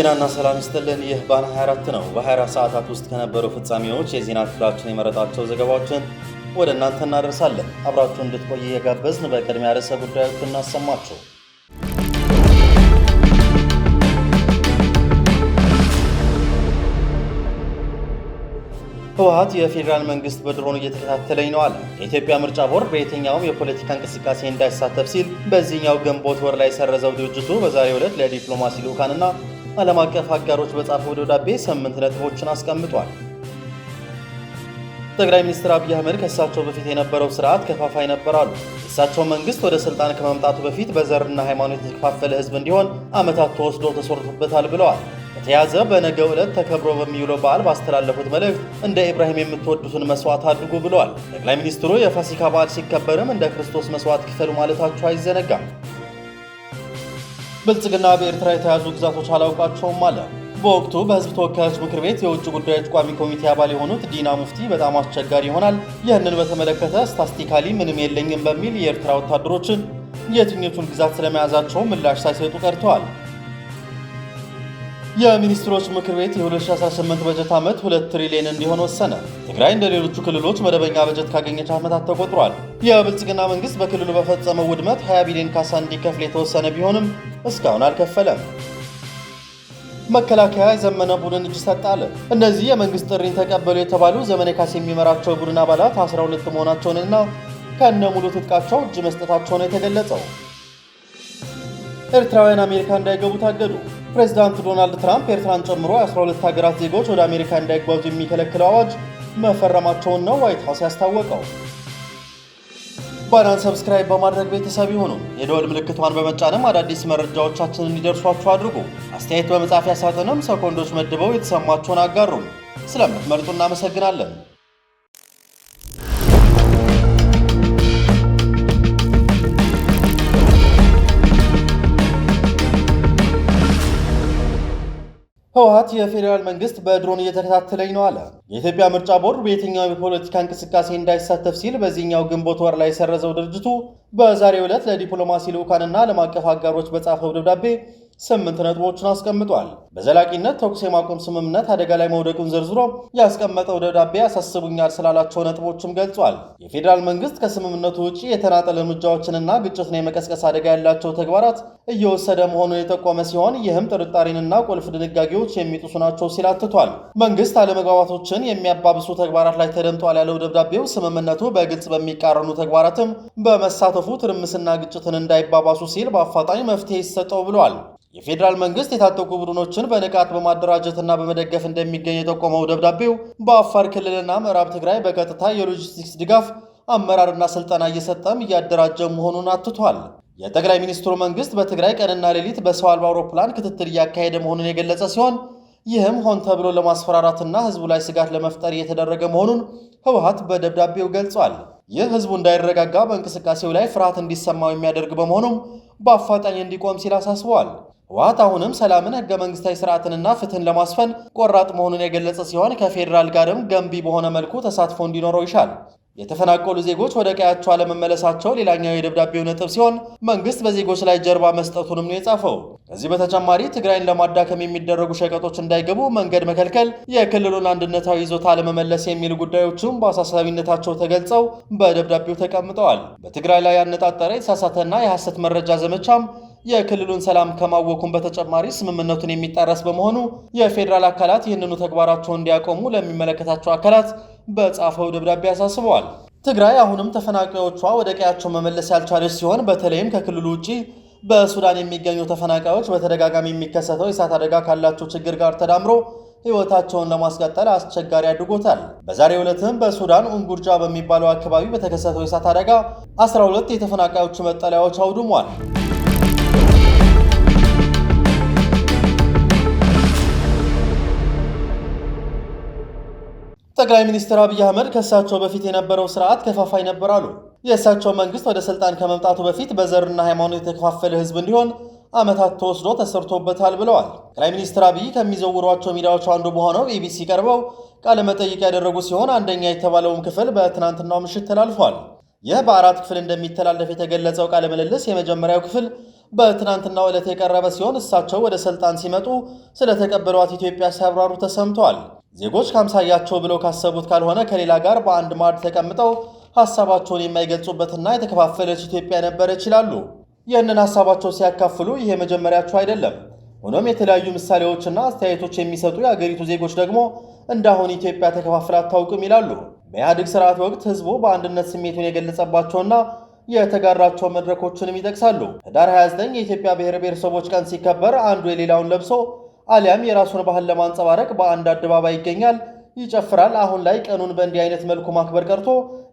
ጤናና ሰላም ይስጥልን። ይህ ባና 24 ነው። በ24 ሰዓታት ውስጥ ከነበሩ ፍጻሜዎች የዜና ክፍላችን የመረጣቸው ዘገባዎችን ወደ እናንተ እናደርሳለን። አብራችሁ እንድትቆይ እየጋበዝን በቅድሚያ ርዕሰ ጉዳዮች እናሰማችሁ። ህወሀት የፌዴራል መንግስት በድሮን እየተከታተለኝ ነው አለ። የኢትዮጵያ ምርጫ ቦርድ በየትኛውም የፖለቲካ እንቅስቃሴ እንዳይሳተፍ ሲል በዚህኛው ግንቦት ወር ላይ የሰረዘው ድርጅቱ በዛሬው ዕለት ለዲፕሎማሲ ልዑካንና ዓለም አቀፍ አጋሮች በጻፈው ደብዳቤ ስምንት ነጥቦችን አስቀምጧል። ጠቅላይ ሚኒስትር አብይ አህመድ ከእሳቸው በፊት የነበረው ስርዓት ከፋፋይ ነበር አሉ። መንግስት ወደ ስልጣን ከመምጣቱ በፊት በዘርና ሃይማኖት የተከፋፈለ ህዝብ እንዲሆን ዓመታት ተወስዶ ተሰርቶበታል ብለዋል። በተያዘ በነገው ዕለት ተከብሮ በሚውለው በዓል ባስተላለፉት መልእክት እንደ ኢብራሂም የምትወዱትን መስዋዕት አድርጉ ብለዋል። ጠቅላይ ሚኒስትሩ የፋሲካ በዓል ሲከበርም እንደ ክርስቶስ መስዋዕት ክፈሉ ማለታቸው አይዘነጋም። ብልጽግና በኤርትራ የተያዙ ግዛቶች አላውቃቸውም አለ። በወቅቱ በህዝብ ተወካዮች ምክር ቤት የውጭ ጉዳዮች ቋሚ ኮሚቴ አባል የሆኑት ዲና ሙፍቲ በጣም አስቸጋሪ ይሆናል፣ ይህንን በተመለከተ ስታስቲካሊ ምንም የለኝም በሚል የኤርትራ ወታደሮችን የትኞቹን ግዛት ስለመያዛቸው ምላሽ ሳይሰጡ ቀርተዋል። የሚኒስትሮች ምክር ቤት የ2018 በጀት ዓመት 2 ትሪሊዮን እንዲሆን ወሰነ። ትግራይ እንደ ሌሎቹ ክልሎች መደበኛ በጀት ካገኘች ዓመታት ተቆጥሯል። የብልጽግና መንግሥት በክልሉ በፈጸመው ውድመት 20 ቢሊዮን ካሳ እንዲከፍል የተወሰነ ቢሆንም እስካሁን አልከፈለም። መከላከያ የዘመነ ቡድን እጅ ሰጣለ። እነዚህ የመንግስት ጥሪን ተቀበሉ የተባሉ ዘመነ ካሴ የሚመራቸው የቡድን አባላት 12 መሆናቸውንና ከነ ሙሉ ትጥቃቸው እጅ መስጠታቸው ነው የተገለጸው። ኤርትራውያን አሜሪካ እንዳይገቡ ታገዱ። ፕሬዚዳንት ዶናልድ ትራምፕ ኤርትራን ጨምሮ የ12 ሀገራት ዜጎች ወደ አሜሪካ እንዳይጓዙ የሚከለክለው አዋጅ መፈረማቸውን ነው ዋይት ሀውስ ያስታወቀው። ባናን ሰብስክራይብ በማድረግ ቤተሰብ ይሁኑ። የደወል ምልክቷን በመጫንም አዳዲስ መረጃዎቻችን እንዲደርሷችሁ አድርጉ። አስተያየት በመጻፊያ ሳጥንም ሰኮንዶች መድበው የተሰማችሁን አጋሩም። ስለምትመርጡ እናመሰግናለን። ህወሀት የፌዴራል መንግስት በድሮን እየተከታተለኝ ነው አለ። የኢትዮጵያ ምርጫ ቦርድ በየትኛው የፖለቲካ እንቅስቃሴ እንዳይሳተፍ ሲል በዚህኛው ግንቦት ወር ላይ የሰረዘው ድርጅቱ በዛሬ ዕለት ለዲፕሎማሲ ልዑካንና ዓለም አቀፍ አጋሮች በጻፈው ደብዳቤ ስምንት ነጥቦችን አስቀምጧል። በዘላቂነት ተኩስ የማቆም ስምምነት አደጋ ላይ መውደቁን ዘርዝሮ ያስቀመጠው ደብዳቤ ያሳስቡኛል ስላላቸው ነጥቦችም ገልጿል። የፌዴራል መንግስት ከስምምነቱ ውጭ የተናጠል እርምጃዎችንና ግጭትን የመቀስቀስ አደጋ ያላቸው ተግባራት እየወሰደ መሆኑን የጠቆመ ሲሆን ይህም ጥርጣሬንና ቁልፍ ድንጋጌዎች የሚጥሱ ናቸው ሲል አትቷል። መንግስት አለመግባባቶችን የሚያባብሱ ተግባራት ላይ ተደምጧል ያለው ደብዳቤው ስምምነቱ በግልጽ በሚቃረኑ ተግባራትም በመሳተፉ ትርምስና ግጭትን እንዳይባባሱ ሲል በአፋጣኝ መፍትሄ ይሰጠው ብሏል። የፌዴራል መንግስት የታጠቁ ቡድኖችን ክልል በንቃት በማደራጀትና በመደገፍ እንደሚገኝ የጠቆመው ደብዳቤው በአፋር ክልልና ምዕራብ ትግራይ በቀጥታ የሎጂስቲክስ ድጋፍ አመራርና ስልጠና እየሰጠም እያደራጀ መሆኑን አትቷል። የጠቅላይ ሚኒስትሩ መንግስት በትግራይ ቀንና ሌሊት በሰው አልባ አውሮፕላን ክትትል እያካሄደ መሆኑን የገለጸ ሲሆን ይህም ሆን ተብሎ ለማስፈራራትና ህዝቡ ላይ ስጋት ለመፍጠር እየተደረገ መሆኑን ህወሀት በደብዳቤው ገልጿል። ይህ ህዝቡ እንዳይረጋጋ በእንቅስቃሴው ላይ ፍርሃት እንዲሰማው የሚያደርግ በመሆኑም በአፋጣኝ እንዲቆም ሲል አሳስበዋል። ህወሓት አሁንም ሰላምን፣ ህገ መንግስታዊ ስርዓትንና ፍትህን ለማስፈን ቆራጥ መሆኑን የገለጸ ሲሆን ከፌዴራል ጋርም ገንቢ በሆነ መልኩ ተሳትፎ እንዲኖረው ይሻል። የተፈናቀሉ ዜጎች ወደ ቀያቸው አለመመለሳቸው ሌላኛው የደብዳቤው ነጥብ ሲሆን መንግስት በዜጎች ላይ ጀርባ መስጠቱንም ነው የጻፈው። ከዚህ በተጨማሪ ትግራይን ለማዳከም የሚደረጉ ሸቀጦች እንዳይገቡ መንገድ መከልከል፣ የክልሉን አንድነታዊ ይዞታ አለመመለስ የሚሉ ጉዳዮችም በአሳሳቢነታቸው ተገልጸው በደብዳቤው ተቀምጠዋል። በትግራይ ላይ ያነጣጠረ የተሳሳተና የሐሰት መረጃ ዘመቻም የክልሉን ሰላም ከማወኩም በተጨማሪ ስምምነቱን የሚጣረስ በመሆኑ የፌዴራል አካላት ይህንኑ ተግባራቸውን እንዲያቆሙ ለሚመለከታቸው አካላት በጻፈው ደብዳቤ አሳስበዋል። ትግራይ አሁንም ተፈናቃዮቿ ወደ ቀያቸው መመለስ ያልቻለች ሲሆን በተለይም ከክልሉ ውጭ በሱዳን የሚገኙ ተፈናቃዮች በተደጋጋሚ የሚከሰተው የእሳት አደጋ ካላቸው ችግር ጋር ተዳምሮ ሕይወታቸውን ለማስቀጠል አስቸጋሪ አድርጎታል። በዛሬው ዕለትም በሱዳን ኡንጉርጃ በሚባለው አካባቢ በተከሰተው የእሳት አደጋ 12 የተፈናቃዮቹ መጠለያዎች አውድሟል። ጠቅላይ ሚኒስትር አብይ አህመድ ከእሳቸው በፊት የነበረው ስርዓት ከፋፋይ ነበር አሉ። የእሳቸው መንግስት ወደ ስልጣን ከመምጣቱ በፊት በዘርና ሃይማኖት የተከፋፈለ ህዝብ እንዲሆን ዓመታት ተወስዶ ተሰርቶበታል ብለዋል። ጠቅላይ ሚኒስትር አብይ ከሚዘውሯቸው ሚዲያዎች አንዱ በሆነው ኢቢሲ ቀርበው ቃለ መጠይቅ ያደረጉ ሲሆን አንደኛ የተባለውም ክፍል በትናንትናው ምሽት ተላልፏል። ይህ በአራት ክፍል እንደሚተላለፍ የተገለጸው ቃለ ምልልስ የመጀመሪያው ክፍል በትናንትናው ዕለት የቀረበ ሲሆን እሳቸው ወደ ስልጣን ሲመጡ ስለተቀበሏት ኢትዮጵያ ሲያብራሩ ተሰምተዋል። ዜጎች ካምሳያቸው ብለው ካሰቡት ካልሆነ ከሌላ ጋር በአንድ ማድ ተቀምጠው ሀሳባቸውን የማይገልጹበትና የተከፋፈለች ኢትዮጵያ ነበረች ይላሉ። ይህንን ሀሳባቸው ሲያካፍሉ ይሄ መጀመሪያቸው አይደለም። ሆኖም የተለያዩ ምሳሌዎችና አስተያየቶች የሚሰጡ የአገሪቱ ዜጎች ደግሞ እንዳሁን ኢትዮጵያ ተከፋፍላ አታውቅም ይላሉ። በኢህአዴግ ስርዓት ወቅት ህዝቡ በአንድነት ስሜቱን የገለጸባቸውና የተጋራቸው መድረኮችንም ይጠቅሳሉ። ህዳር 29 የኢትዮጵያ ብሔር ብሔረሰቦች ቀን ሲከበር አንዱ የሌላውን ለብሶ አሊያም የራሱን ባህል ለማንጸባረቅ በአንድ አደባባይ ይገኛል፣ ይጨፍራል። አሁን ላይ ቀኑን በእንዲህ አይነት መልኩ ማክበር ቀርቶ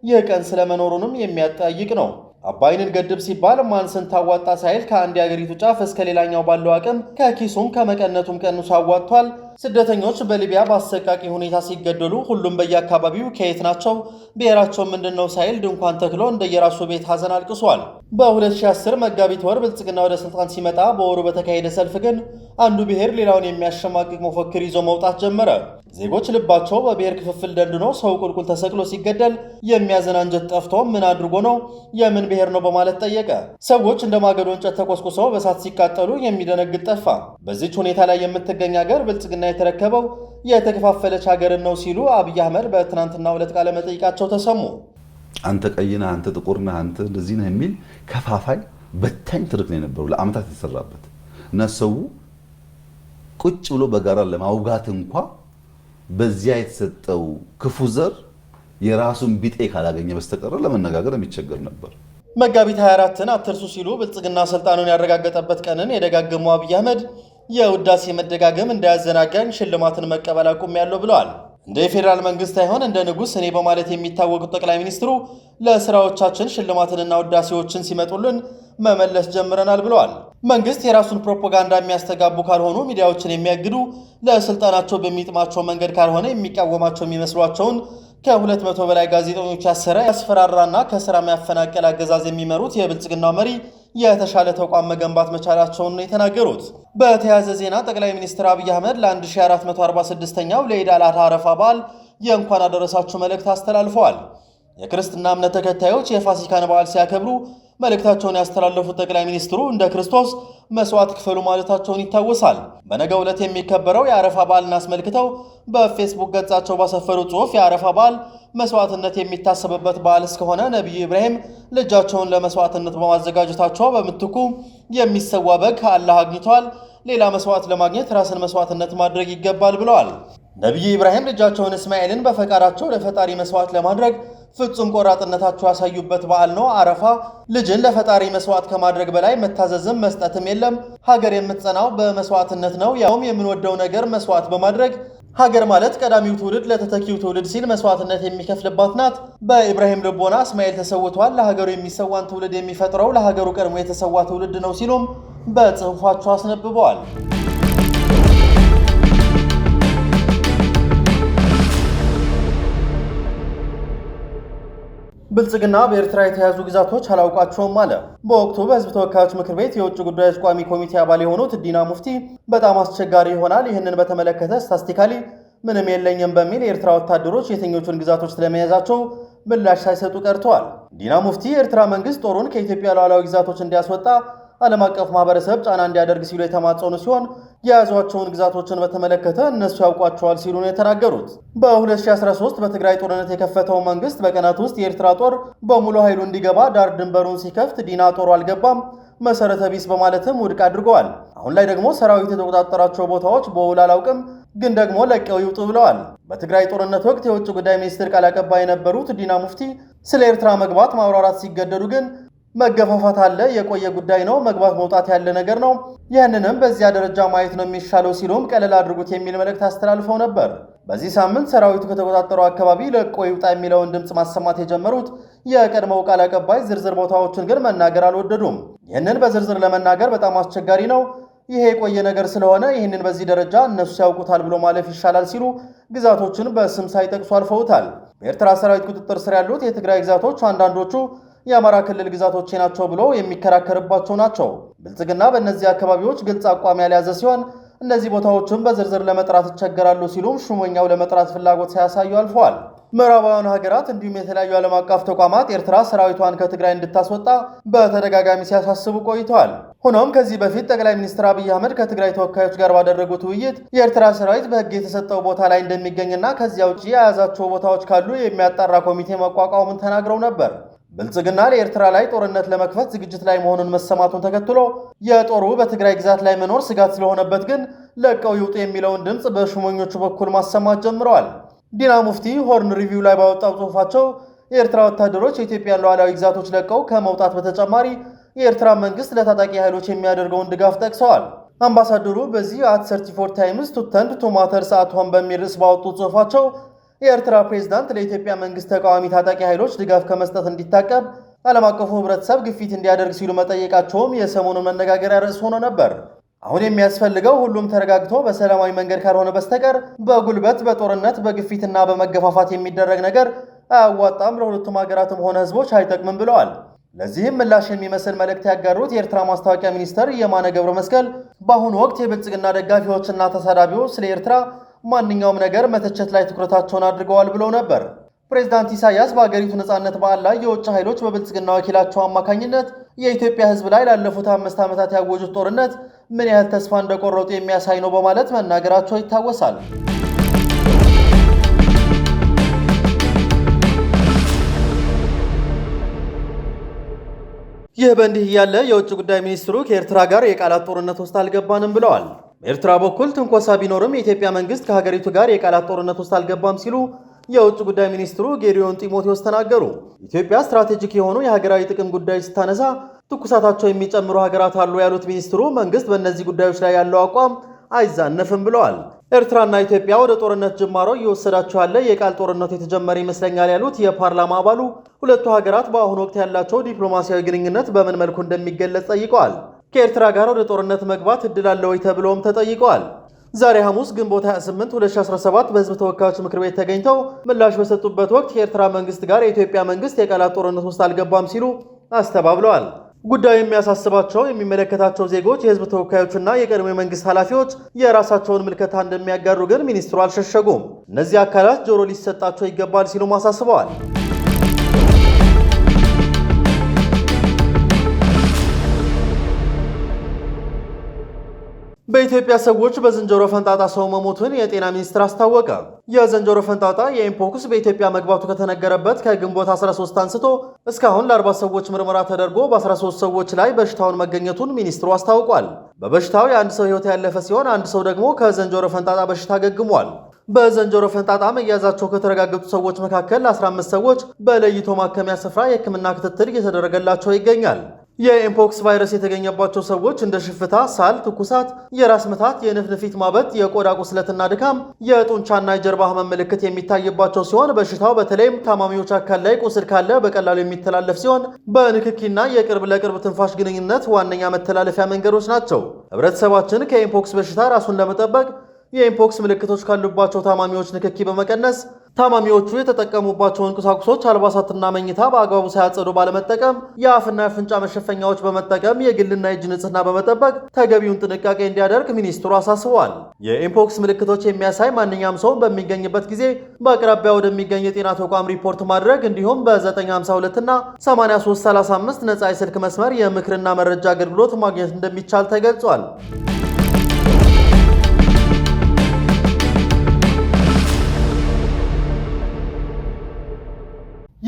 ይህ ቀን ስለመኖሩንም የሚያጠያይቅ ነው። አባይንን ገድብ ሲባል ማን ስንት አዋጣ ሳይል ከአንድ የአገሪቱ ጫፍ እስከ ሌላኛው ባለው አቅም ከኪሱም ከመቀነቱም ቀንሶ አዋጥቷል። ስደተኞች በሊቢያ በአሰቃቂ ሁኔታ ሲገደሉ ሁሉም በየአካባቢው ከየት ናቸው ብሔራቸው ምንድን ነው ሳይል ድንኳን ተክሎ እንደየራሱ ቤት ሀዘን አልቅሷል። በ2010 መጋቢት ወር ብልጽግና ወደ ስልጣን ሲመጣ በወሩ በተካሄደ ሰልፍ ግን አንዱ ብሔር ሌላውን የሚያሸማቅቅ መፎክር ይዞ መውጣት ጀመረ። ዜጎች ልባቸው በብሔር ክፍፍል ደንድኖ ሰው ቁልቁል ተሰቅሎ ሲገደል የሚያዝን አንጀት ጠፍቶ ምን አድርጎ ነው የምን ብሔር ነው በማለት ጠየቀ። ሰዎች እንደ ማገዶ እንጨት ተቆስቁሰው በሳት ሲቃጠሉ የሚደነግጥ ጠፋ። በዚች ሁኔታ ላይ የምትገኝ ሀገር ብልጽግና ብልጽግና የተረከበው የተከፋፈለች ሀገርን ነው ሲሉ አብይ አህመድ በትናንትናው ዕለት ቃለ መጠይቃቸው ተሰሙ። አንተ ቀይነህ፣ አንተ ጥቁርነህ፣ አንተ እንደዚህ ነህ የሚል ከፋፋይ በታኝ ትርክ ነው የነበረው ለአመታት የተሰራበት እና ሰው ቁጭ ብሎ በጋራ ለማውጋት እንኳ በዚያ የተሰጠው ክፉ ዘር የራሱን ቢጤ ካላገኘ በስተቀረ ለመነጋገር የሚቸገር ነበር። መጋቢት 24ን አትርሱ ሲሉ ብልጽግና ስልጣኑን ያረጋገጠበት ቀንን የደጋገሙ አብይ አህመድ የውዳሴ መደጋገም እንዳያዘናጋኝ ሽልማትን መቀበል አቁሜያለሁ ብለዋል። እንደ የፌዴራል መንግስት ሳይሆን እንደ ንጉሥ እኔ በማለት የሚታወቁት ጠቅላይ ሚኒስትሩ ለስራዎቻችን ሽልማትንና ውዳሴዎችን ሲመጡልን መመለስ ጀምረናል ብለዋል። መንግስት የራሱን ፕሮፓጋንዳ የሚያስተጋቡ ካልሆኑ ሚዲያዎችን የሚያግዱ ለስልጣናቸው በሚጥማቸው መንገድ ካልሆነ የሚቃወማቸው የሚመስሏቸውን ከሁለት መቶ በላይ ጋዜጠኞች ያሰረ ያስፈራራና ከስራ ያፈናቀል አገዛዝ የሚመሩት የብልጽግናው መሪ የተሻለ ተቋም መገንባት መቻላቸውን ነው የተናገሩት። በተያያዘ ዜና ጠቅላይ ሚኒስትር አብይ አህመድ ለ1446ኛው ለኢድ አል አድሃ አረፋ በዓል የእንኳን አደረሳችሁ መልእክት አስተላልፈዋል። የክርስትና እምነት ተከታዮች የፋሲካን በዓል ሲያከብሩ መልእክታቸውን ያስተላለፉት ጠቅላይ ሚኒስትሩ እንደ ክርስቶስ መስዋዕት ክፈሉ ማለታቸውን ይታወሳል። በነገ ዕለት የሚከበረው የአረፋ በዓልን አስመልክተው በፌስቡክ ገጻቸው ባሰፈሩ ጽሑፍ የአረፋ በዓል መስዋዕትነት የሚታሰብበት በዓል እስከሆነ ነቢዩ ኢብራሂም ልጃቸውን ለመስዋዕትነት በማዘጋጀታቸው በምትኩ የሚሰዋ በግ አላህ አግኝተዋል። ሌላ መስዋዕት ለማግኘት ራስን መስዋዕትነት ማድረግ ይገባል ብለዋል። ነቢዩ ኢብራሂም ልጃቸውን እስማኤልን በፈቃዳቸው ለፈጣሪ መስዋዕት ለማድረግ ፍጹም ቆራጥነታችሁ ያሳዩበት በዓል ነው አረፋ። ልጅን ለፈጣሪ መስዋዕት ከማድረግ በላይ መታዘዝም መስጠትም የለም። ሀገር የምትጸናው በመስዋዕትነት ነው፣ ያውም የምንወደው ነገር መስዋዕት በማድረግ ሀገር ማለት ቀዳሚው ትውልድ ለተተኪው ትውልድ ሲል መስዋዕትነት የሚከፍልባት ናት። በኢብራሂም ልቦና እስማኤል ተሰውቷል። ለሀገሩ የሚሰዋን ትውልድ የሚፈጥረው ለሀገሩ ቀድሞ የተሰዋ ትውልድ ነው ሲሉም በጽሑፋቸው አስነብበዋል። ብልጽግና በኤርትራ የተያዙ ግዛቶች አላውቃቸውም አለ። በወቅቱ በህዝብ ተወካዮች ምክር ቤት የውጭ ጉዳዮች ቋሚ ኮሚቴ አባል የሆኑት ዲና ሙፍቲ በጣም አስቸጋሪ ይሆናል፣ ይህንን በተመለከተ ስታስቲካሊ ምንም የለኝም በሚል የኤርትራ ወታደሮች የትኞቹን ግዛቶች ስለመያዛቸው ምላሽ ሳይሰጡ ቀርተዋል። ዲና ሙፍቲ የኤርትራ መንግስት ጦሩን ከኢትዮጵያ ሉዓላዊ ግዛቶች እንዲያስወጣ ዓለም አቀፍ ማህበረሰብ ጫና እንዲያደርግ ሲሉ የተማጸኑ ሲሆን የያዟቸውን ግዛቶችን በተመለከተ እነሱ ያውቋቸዋል ሲሉ ነው የተናገሩት። በ2013 በትግራይ ጦርነት የከፈተው መንግስት በቀናት ውስጥ የኤርትራ ጦር በሙሉ ኃይሉ እንዲገባ ዳር ድንበሩን ሲከፍት ዲና ጦሩ አልገባም፣ መሰረተ ቢስ በማለትም ውድቅ አድርገዋል። አሁን ላይ ደግሞ ሰራዊት የተቆጣጠራቸው ቦታዎች በውል አላውቅም ግን ደግሞ ለቀው ይውጡ ብለዋል። በትግራይ ጦርነት ወቅት የውጭ ጉዳይ ሚኒስትር ቃል አቀባይ የነበሩት ዲና ሙፍቲ ስለ ኤርትራ መግባት ማብራራት ሲገደዱ ግን መገፋፋት አለ። የቆየ ጉዳይ ነው። መግባት መውጣት ያለ ነገር ነው። ይህንንም በዚያ ደረጃ ማየት ነው የሚሻለው ሲሉም ቀለል አድርጉት የሚል መልእክት አስተላልፈው ነበር። በዚህ ሳምንት ሰራዊቱ ከተቆጣጠረው አካባቢ ለቆ ይውጣ የሚለውን ድምፅ ማሰማት የጀመሩት የቀድሞው ቃል አቀባይ ዝርዝር ቦታዎችን ግን መናገር አልወደዱም። ይህንን በዝርዝር ለመናገር በጣም አስቸጋሪ ነው። ይሄ የቆየ ነገር ስለሆነ ይህንን በዚህ ደረጃ እነሱ ያውቁታል ብሎ ማለፍ ይሻላል ሲሉ ግዛቶችን በስም ሳይጠቅሱ አልፈውታል። በኤርትራ ሰራዊት ቁጥጥር ስር ያሉት የትግራይ ግዛቶች አንዳንዶቹ የአማራ ክልል ግዛቶቼ ናቸው ብሎ የሚከራከርባቸው ናቸው። ብልጽግና በእነዚህ አካባቢዎች ግልጽ አቋም ያልያዘ ሲሆን እነዚህ ቦታዎችን በዝርዝር ለመጥራት ይቸገራሉ ሲሉም ሹመኛው ለመጥራት ፍላጎት ሳያሳዩ አልፈዋል። ምዕራባውያን ሀገራት እንዲሁም የተለያዩ ዓለም አቀፍ ተቋማት ኤርትራ ሰራዊቷን ከትግራይ እንድታስወጣ በተደጋጋሚ ሲያሳስቡ ቆይተዋል። ሆኖም ከዚህ በፊት ጠቅላይ ሚኒስትር አብይ አህመድ ከትግራይ ተወካዮች ጋር ባደረጉት ውይይት የኤርትራ ሰራዊት በሕግ የተሰጠው ቦታ ላይ እንደሚገኝና ከዚያ ውጭ የያዛቸው ቦታዎች ካሉ የሚያጣራ ኮሚቴ መቋቋሙን ተናግረው ነበር። ብልጽግና ለኤርትራ ላይ ጦርነት ለመክፈት ዝግጅት ላይ መሆኑን መሰማቱን ተከትሎ የጦሩ በትግራይ ግዛት ላይ መኖር ስጋት ስለሆነበት ግን ለቀው ይውጡ የሚለውን ድምፅ በሹመኞቹ በኩል ማሰማት ጀምረዋል። ዲና ሙፍቲ ሆርን ሪቪው ላይ ባወጣው ጽሑፋቸው የኤርትራ ወታደሮች የኢትዮጵያን ሉዓላዊ ግዛቶች ለቀው ከመውጣት በተጨማሪ የኤርትራ መንግስት ለታጣቂ ኃይሎች የሚያደርገውን ድጋፍ ጠቅሰዋል። አምባሳደሩ በዚህ አት ሰርቲፎር ታይምስ ቱተንድ ቱማተር ሆን በሚል ርዕስ ባወጡት ጽሑፋቸው የኤርትራ ፕሬዝዳንት ለኢትዮጵያ መንግስት ተቃዋሚ ታጣቂ ኃይሎች ድጋፍ ከመስጠት እንዲታቀብ ዓለም አቀፉ ህብረተሰብ ግፊት እንዲያደርግ ሲሉ መጠየቃቸውም የሰሞኑን መነጋገሪያ ርዕስ ሆኖ ነበር። አሁን የሚያስፈልገው ሁሉም ተረጋግቶ በሰላማዊ መንገድ ካልሆነ በስተቀር በጉልበት በጦርነት በግፊትና በመገፋፋት የሚደረግ ነገር አያዋጣም፣ ለሁለቱም ሀገራትም ሆነ ህዝቦች አይጠቅምም ብለዋል። ለዚህም ምላሽ የሚመስል መልእክት ያጋሩት የኤርትራ ማስታወቂያ ሚኒስትር የማነ ገብረ መስቀል በአሁኑ ወቅት የብልጽግና ደጋፊዎችና ተሳዳቢዎች ስለ ኤርትራ ማንኛውም ነገር መተቸት ላይ ትኩረታቸውን አድርገዋል ብለው ነበር። ፕሬዚዳንት ኢሳያስ በአገሪቱ ነጻነት በዓል ላይ የውጭ ኃይሎች በብልጽግና ወኪላቸው አማካኝነት የኢትዮጵያ ሕዝብ ላይ ላለፉት አምስት ዓመታት ያወጁት ጦርነት ምን ያህል ተስፋ እንደቆረጡ የሚያሳይ ነው በማለት መናገራቸው ይታወሳል። ይህ በእንዲህ እያለ የውጭ ጉዳይ ሚኒስትሩ ከኤርትራ ጋር የቃላት ጦርነት ውስጥ አልገባንም ብለዋል። በኤርትራ በኩል ትንኮሳ ቢኖርም የኢትዮጵያ መንግስት ከሀገሪቱ ጋር የቃላት ጦርነት ውስጥ አልገባም ሲሉ የውጭ ጉዳይ ሚኒስትሩ ጌዲዮን ጢሞቴዎስ ተናገሩ። ኢትዮጵያ ስትራቴጂክ የሆኑ የሀገራዊ ጥቅም ጉዳዮች ስታነሳ ትኩሳታቸው የሚጨምሩ ሀገራት አሉ ያሉት ሚኒስትሩ መንግስት በእነዚህ ጉዳዮች ላይ ያለው አቋም አይዛነፍም ብለዋል። ኤርትራና ኢትዮጵያ ወደ ጦርነት ጅማሮ እየወሰዳቸው ያለ የቃል ጦርነት የተጀመረ ይመስለኛል ያሉት የፓርላማ አባሉ ሁለቱ ሀገራት በአሁኑ ወቅት ያላቸው ዲፕሎማሲያዊ ግንኙነት በምን መልኩ እንደሚገለጽ ጠይቀዋል። ከኤርትራ ጋር ወደ ጦርነት መግባት እድል አለ ወይ ተብለውም ተጠይቀዋል። ዛሬ ሐሙስ ግንቦት 28 2017 በህዝብ ተወካዮች ምክር ቤት ተገኝተው ምላሽ በሰጡበት ወቅት ከኤርትራ መንግስት ጋር የኢትዮጵያ መንግስት የቃላት ጦርነት ውስጥ አልገባም ሲሉ አስተባብለዋል። ጉዳዩ የሚያሳስባቸው የሚመለከታቸው ዜጎች፣ የህዝብ ተወካዮችና የቀድሞ የመንግስት ኃላፊዎች የራሳቸውን ምልከታ እንደሚያጋሩ ግን ሚኒስትሩ አልሸሸጉም። እነዚህ አካላት ጆሮ ሊሰጣቸው ይገባል ሲሉም አሳስበዋል። በኢትዮጵያ ሰዎች በዝንጀሮ ፈንጣጣ ሰው መሞቱን የጤና ሚኒስቴር አስታወቀ። የዝንጀሮ ፈንጣጣ የኢምፖክስ በኢትዮጵያ መግባቱ ከተነገረበት ከግንቦት 13 አንስቶ እስካሁን ለ40 ሰዎች ምርመራ ተደርጎ በ13 ሰዎች ላይ በሽታውን መገኘቱን ሚኒስትሩ አስታውቋል። በበሽታው የአንድ ሰው ሕይወት ያለፈ ሲሆን አንድ ሰው ደግሞ ከዝንጀሮ ፈንጣጣ በሽታ ገግሟል። በዝንጀሮ ፈንጣጣ መያዛቸው ከተረጋገጡ ሰዎች መካከል 15 ሰዎች በለይቶ ማከሚያ ስፍራ የሕክምና ክትትል እየተደረገላቸው ይገኛል። የኢምፖክስ ቫይረስ የተገኘባቸው ሰዎች እንደ ሽፍታ፣ ሳል፣ ትኩሳት፣ የራስ ምታት፣ የንፍንፊት ማበጥ፣ የቆዳ ቁስለትና ድካም፣ የጡንቻና የጀርባ ህመም ምልክት የሚታይባቸው ሲሆን በሽታው በተለይም ታማሚዎች አካል ላይ ቁስል ካለ በቀላሉ የሚተላለፍ ሲሆን በንክኪና የቅርብ ለቅርብ ትንፋሽ ግንኙነት ዋነኛ መተላለፊያ መንገዶች ናቸው። ህብረተሰባችን ከኢምፖክስ በሽታ ራሱን ለመጠበቅ የኢምፖክስ ምልክቶች ካሉባቸው ታማሚዎች ንክኪ በመቀነስ ታማሚዎቹ የተጠቀሙባቸውን ቁሳቁሶች አልባሳትና መኝታ በአግባቡ ሳያጸዱ ባለመጠቀም የአፍና የአፍንጫ መሸፈኛዎች በመጠቀም የግልና የእጅ ንጽህና በመጠበቅ ተገቢውን ጥንቃቄ እንዲያደርግ ሚኒስትሩ አሳስቧል። የኢምፖክስ ምልክቶች የሚያሳይ ማንኛውም ሰውን በሚገኝበት ጊዜ በአቅራቢያ ወደሚገኝ የጤና ተቋም ሪፖርት ማድረግ እንዲሁም በ952 እና 8335 ነጻ የስልክ መስመር የምክርና መረጃ አገልግሎት ማግኘት እንደሚቻል ተገልጿል።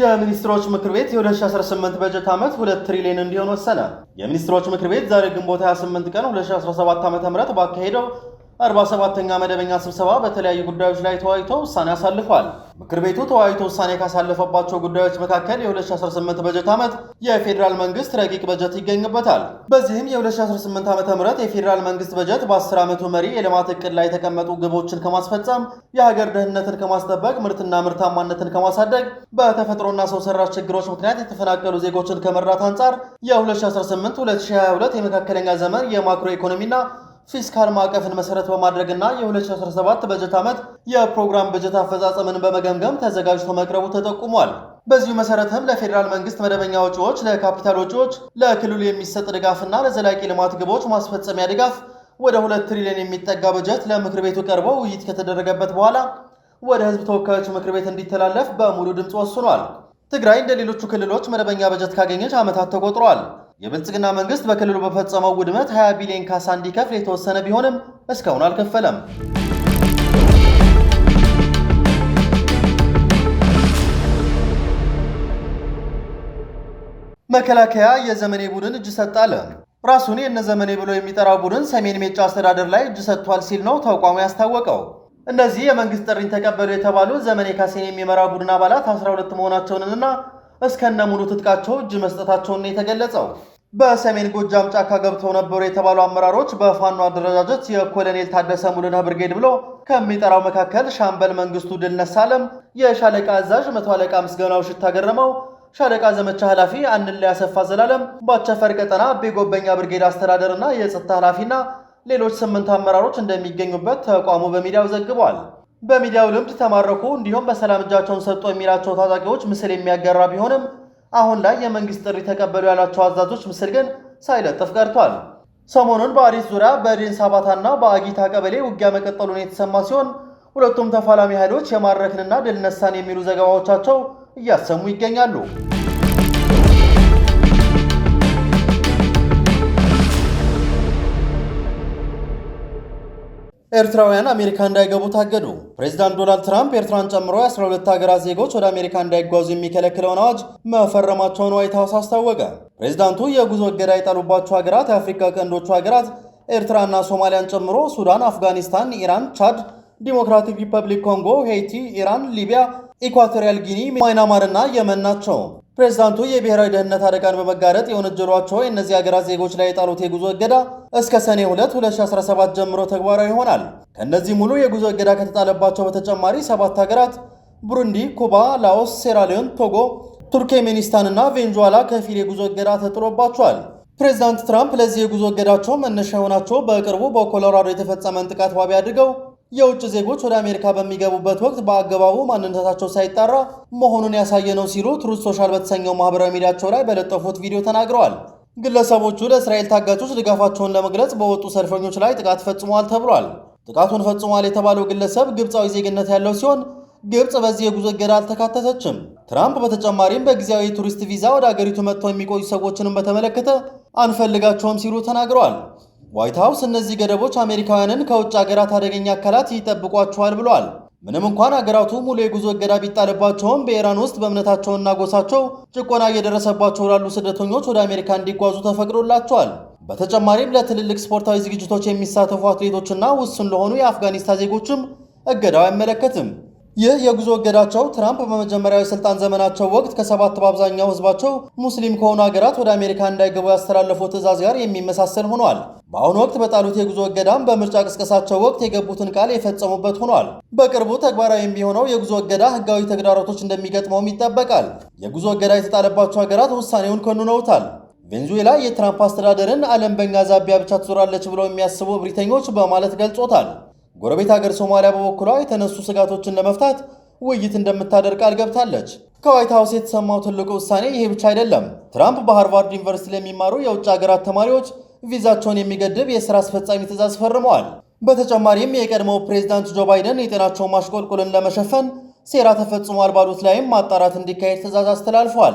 የሚኒስትሮች ምክር ቤት የ2018 በጀት ዓመት 2 ትሪሊዮን እንዲሆን ወሰነ። የሚኒስትሮች ምክር ቤት ዛሬ ግንቦት 28 ቀን 2017 ም ባካሄደው 47ኛ መደበኛ ስብሰባ በተለያዩ ጉዳዮች ላይ ተወያይቶ ውሳኔ አሳልፏል። ምክር ቤቱ ተወያይቶ ውሳኔ ካሳለፈባቸው ጉዳዮች መካከል የ2018 በጀት ዓመት የፌዴራል መንግስት ረቂቅ በጀት ይገኝበታል። በዚህም የ2018 ዓ ም የፌዴራል መንግስት በጀት በ10 ዓመቱ መሪ የልማት እቅድ ላይ የተቀመጡ ግቦችን ከማስፈጸም፣ የሀገር ደህንነትን ከማስጠበቅ፣ ምርትና ምርታማነትን ከማሳደግ፣ በተፈጥሮና ሰው ሰራሽ ችግሮች ምክንያት የተፈናቀሉ ዜጎችን ከመርዳት አንጻር የ2018 2022 የመካከለኛ ዘመን የማክሮ ኢኮኖሚና ፊስካል ማዕቀፍን መሰረት በማድረግና የ2017 በጀት ዓመት የፕሮግራም በጀት አፈጻጸምን በመገምገም ተዘጋጅቶ መቅረቡ ተጠቁሟል። በዚሁ መሰረትም ለፌዴራል መንግስት መደበኛ ወጪዎች፣ ለካፒታል ወጪዎች፣ ለክልሉ የሚሰጥ ድጋፍና ለዘላቂ ልማት ግቦች ማስፈጸሚያ ድጋፍ ወደ ሁለት ትሪሊዮን የሚጠጋ በጀት ለምክር ቤቱ ቀርቦ ውይይት ከተደረገበት በኋላ ወደ ህዝብ ተወካዮች ምክር ቤት እንዲተላለፍ በሙሉ ድምፅ ወስኗል። ትግራይ እንደ ሌሎቹ ክልሎች መደበኛ በጀት ካገኘች ዓመታት ተቆጥሯል። የብልጽግና መንግስት በክልሉ በፈጸመው ውድመት 20 ቢሊዮን ካሳ እንዲከፍል የተወሰነ ቢሆንም እስካሁን አልከፈለም። መከላከያ የዘመኔ ቡድን እጅ ሰጣለ። ራሱን የነ ዘመኔ ብሎ የሚጠራው ቡድን ሰሜን ሜጫ አስተዳደር ላይ እጅ ሰጥቷል ሲል ነው ተቋሙ ያስታወቀው። እነዚህ የመንግስት ጥሪን ተቀበሉ የተባሉ ዘመኔ ካሴን የሚመራው ቡድን አባላት 12 መሆናቸውንና እስከነ ሙሉ ትጥቃቸው እጅ መስጠታቸውን ነው የተገለጸው። በሰሜን ጎጃም ጫካ ገብተው ነበሩ የተባሉ አመራሮች በፋኖ አደረጃጀት የኮሎኔል ታደሰ ሙሉነህ ብርጌድ ብሎ ከሚጠራው መካከል ሻምበል መንግስቱ ድልነሳ አለም፣ የሻለቃ አዛዥ መቶ አለቃ ምስጋናው ሽታ ገረመው፣ ሻለቃ ዘመቻ ኃላፊ ላይ አሰፋ ዘላለም፣ ባቸፈር ቀጠና ቤጎበኛ ብርጌድ አስተዳደርና እና የጸጥታ ኃላፊና ሌሎች ስምንት አመራሮች እንደሚገኙበት ተቋሙ በሚዲያው ዘግቧል። በሚዲያው ልምድ ተማረኩ እንዲሁም በሰላም እጃቸውን ሰጡ የሚላቸው ታጣቂዎች ምስል የሚያገራ ቢሆንም አሁን ላይ የመንግስት ጥሪ ተቀበሉ ያላቸው አዛዦች ምስል ግን ሳይለጥፍ ቀርቷል። ሰሞኑን በአዲስ ዙሪያ በዴንሳ ባታና በአጊታ ቀበሌ ውጊያ መቀጠሉን የተሰማ ሲሆን ሁለቱም ተፋላሚ ኃይሎች የማድረክንና ድል ነሳን የሚሉ ዘገባዎቻቸው እያሰሙ ይገኛሉ። ኤርትራውያን አሜሪካ እንዳይገቡ ታገዱ። ፕሬዚዳንት ዶናልድ ትራምፕ ኤርትራን ጨምሮ የ12 ሀገራት ዜጎች ወደ አሜሪካ እንዳይጓዙ የሚከለክለውን አዋጅ መፈረማቸውን ዋይት ሀውስ አስታወቀ። ፕሬዚዳንቱ የጉዞ እገዳ የጣሉባቸው ሀገራት የአፍሪካ ቀንዶቹ ሀገራት ኤርትራና ሶማሊያን ጨምሮ ሱዳን፣ አፍጋኒስታን፣ ኢራን፣ ቻድ፣ ዲሞክራቲክ ሪፐብሊክ ኮንጎ፣ ሄይቲ፣ ኢራን፣ ሊቢያ፣ ኢኳቶሪያል ጊኒ፣ ማይናማርና የመን ናቸው። ፕሬዝዳንቱ የብሔራዊ ደህንነት አደጋን በመጋረጥ የወነጀሏቸው የእነዚህ ሀገራት ዜጎች ላይ የጣሉት የጉዞ እገዳ እስከ ሰኔ 2 2017 ጀምሮ ተግባራዊ ይሆናል። ከእነዚህ ሙሉ የጉዞ እገዳ ከተጣለባቸው በተጨማሪ ሰባት ሀገራት ቡሩንዲ፣ ኩባ፣ ላኦስ፣ ሴራሊዮን፣ ቶጎ፣ ቱርክሜኒስታን እና ቬንዙዋላ ከፊል የጉዞ እገዳ ተጥሎባቸዋል። ፕሬዚዳንት ትራምፕ ለዚህ የጉዞ እገዳቸው መነሻ የሆናቸው በቅርቡ በኮሎራዶ የተፈጸመን ጥቃት ዋቢ አድርገው የውጭ ዜጎች ወደ አሜሪካ በሚገቡበት ወቅት በአገባቡ ማንነታቸው ሳይጣራ መሆኑን ያሳየ ነው ሲሉ ትሩዝ ሶሻል በተሰኘው ማህበራዊ ሚዲያቸው ላይ በለጠፉት ቪዲዮ ተናግረዋል። ግለሰቦቹ ለእስራኤል ታጋቾች ድጋፋቸውን ለመግለጽ በወጡ ሰልፈኞች ላይ ጥቃት ፈጽመዋል ተብሏል። ጥቃቱን ፈጽሟል የተባለው ግለሰብ ግብፃዊ ዜግነት ያለው ሲሆን ግብፅ በዚህ የጉዞ እገዳ አልተካተተችም። ትራምፕ በተጨማሪም በጊዜያዊ የቱሪስት ቪዛ ወደ አገሪቱ መጥተው የሚቆዩ ሰዎችንም በተመለከተ አንፈልጋቸውም ሲሉ ተናግረዋል። ዋይት ሀውስ እነዚህ ገደቦች አሜሪካውያንን ከውጭ ሀገራት አደገኛ አካላት ይጠብቋቸዋል ብሏል። ምንም እንኳን አገራቱ ሙሉ የጉዞ እገዳ ቢጣልባቸውም በኢራን ውስጥ በእምነታቸውና ጎሳቸው ጭቆና እየደረሰባቸው ላሉ ስደተኞች ወደ አሜሪካ እንዲጓዙ ተፈቅዶላቸዋል። በተጨማሪም ለትልልቅ ስፖርታዊ ዝግጅቶች የሚሳተፉ አትሌቶችና ውስን ለሆኑ የአፍጋኒስታን ዜጎችም እገዳው አይመለከትም። ይህ የጉዞ እገዳቸው ትራምፕ በመጀመሪያው የስልጣን ዘመናቸው ወቅት ከሰባት በአብዛኛው ህዝባቸው ሙስሊም ከሆኑ ሀገራት ወደ አሜሪካ እንዳይገቡ ያስተላለፈ ትዕዛዝ ጋር የሚመሳሰል ሆኗል። በአሁኑ ወቅት በጣሉት የጉዞ እገዳም በምርጫ ቅስቀሳቸው ወቅት የገቡትን ቃል የፈጸሙበት ሆኗል። በቅርቡ ተግባራዊ የሚሆነው የጉዞ እገዳ ህጋዊ ተግዳሮቶች እንደሚገጥመውም ይጠበቃል። የጉዞ እገዳ የተጣለባቸው ሀገራት ውሳኔውን ኮንነውታል። ቬንዙዌላ የትራምፕ አስተዳደርን ዓለም በእኛ ዛቢያ ብቻ ትዞራለች ብለው የሚያስቡ እብሪተኞች በማለት ገልጾታል። ጎረቤት ሀገር ሶማሊያ በበኩሏ የተነሱ ስጋቶችን ለመፍታት ውይይት እንደምታደርግ ቃል ገብታለች። ከዋይት ሀውስ የተሰማው ትልቁ ውሳኔ ይሄ ብቻ አይደለም። ትራምፕ በሃርቫርድ ዩኒቨርሲቲ ለሚማሩ የውጭ ሀገራት ተማሪዎች ቪዛቸውን የሚገድብ የስራ አስፈጻሚ ትእዛዝ ፈርመዋል። በተጨማሪም የቀድሞው ፕሬዝዳንት ጆ ባይደን የጤናቸውን ማሽቆልቆልን ለመሸፈን ሴራ ተፈጽሟል ባሉት ላይም ማጣራት እንዲካሄድ ትእዛዝ አስተላልፏል።